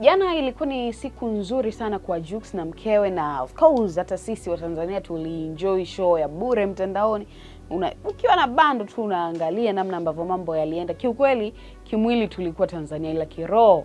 Jana ilikuwa ni siku nzuri sana kwa Jux na mkewe, na of course hata sisi Watanzania tulienjoy show ya bure mtandaoni. Una, ukiwa na bando tu unaangalia namna ambavyo mambo yalienda. Kiukweli kimwili tulikuwa Tanzania, ila kiroho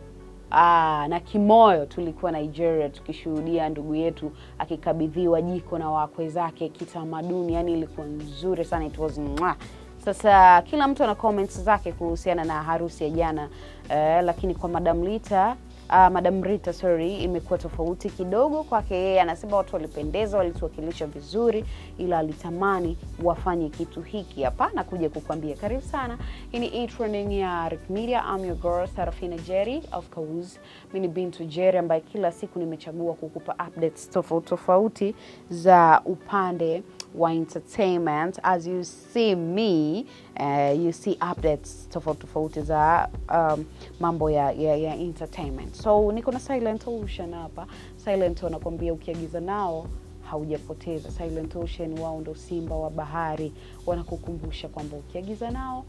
Aa, ah, na kimoyo tulikuwa Nigeria tukishuhudia ndugu yetu akikabidhiwa jiko na wakwe zake kitamaduni. Yani ilikuwa nzuri sana, it was mwa. Sasa kila mtu ana comments zake kuhusiana na harusi ya jana eh, lakini kwa Madam Lita uh, Madam Rita sorry, imekuwa tofauti kidogo kwake yeye. Anasema watu walipendeza, walituwakilisha vizuri, ila alitamani wafanye kitu hiki hapa na kuja kukwambia. Karibu sana, hii ni e trending ya Rick Media. I'm your girl Sarafina Jerry, of course mimi ni Bintu Jerry ambaye kila siku nimechagua kukupa updates tofauti tofauti za upande wa entertainment. As you see me, uh, you see updates tofauti tofauti za um, mambo ya, ya, ya entertainment. So niko na Silent Ocean hapa. Silent wanakuambia ukiagiza nao haujapoteza. Silent Ocean wao ndo simba wa bahari, wanakukumbusha kwamba ukiagiza nao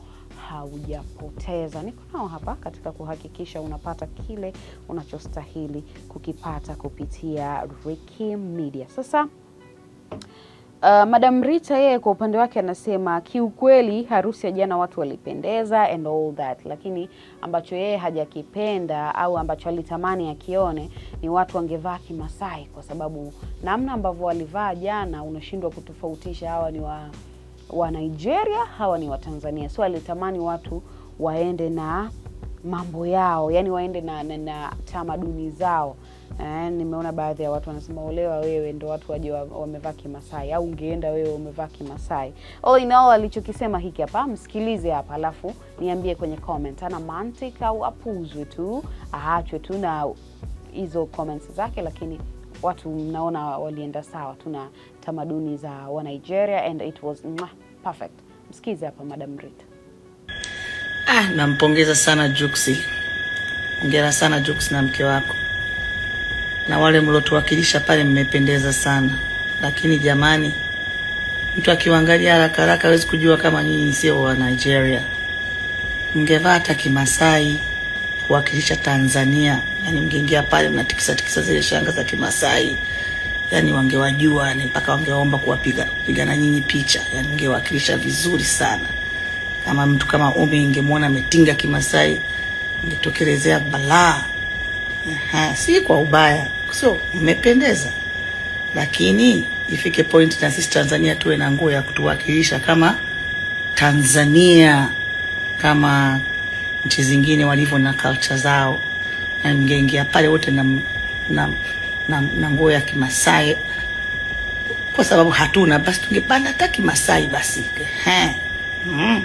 haujapoteza. Niko nao hapa katika kuhakikisha unapata kile unachostahili kukipata kupitia Ricky Media. Sasa Uh, Madam Rita yeye kwa upande wake anasema kiukweli harusi ya jana watu walipendeza and all that, lakini ambacho yeye hajakipenda au ambacho alitamani akione ni watu wangevaa Kimasai, kwa sababu namna ambavyo walivaa jana unashindwa kutofautisha hawa ni wa, wa Nigeria hawa ni wa Tanzania, so alitamani watu waende na mambo yao, yani waende na, na, na tamaduni zao. Eh, nimeona baadhi ya watu wanasema olewa wewe ndo watu waje wamevaa Kimasai au ungeenda wewe umevaa Kimasai. Oh, inao alichokisema hiki hapa, msikilize hapa alafu niambie kwenye comment, ana mantiki au apuzwe tu aachwe tu na hizo comments zake, lakini watu mnaona walienda sawa, tuna tamaduni za wa Nigeria and it was mwah, perfect. Msikize hapa Madam Rita. Ah, nampongeza sana Juksi. ongera sana Juksi na mke wako na wale mliotuwakilisha pale, mmependeza sana. Lakini jamani, mtu akiwaangalia haraka haraka hawezi kujua kama nyinyi sio wa Nigeria. Mngevaa hata Kimasai kuwakilisha Tanzania, yani mngeingia pale mnatikisa tikisa zile shanga za Kimasai, yani wangewajua, yani mpaka wangeomba kuwapiga pigana nyinyi picha, yani mngewakilisha vizuri sana. Kama mtu kama Umi ingemwona ametinga Kimasai ingetokelezea balaa. Si kwa ubaya, sio mmependeza, lakini ifike point na sisi Tanzania tuwe na nguo ya kutuwakilisha kama Tanzania, kama nchi zingine walivyo na culture zao. Na mgeingia pale wote na, na, na, na nguo ya Kimasai kwa sababu hatuna, basi tungepanda hata Kimasai basi. Ehe. Mm.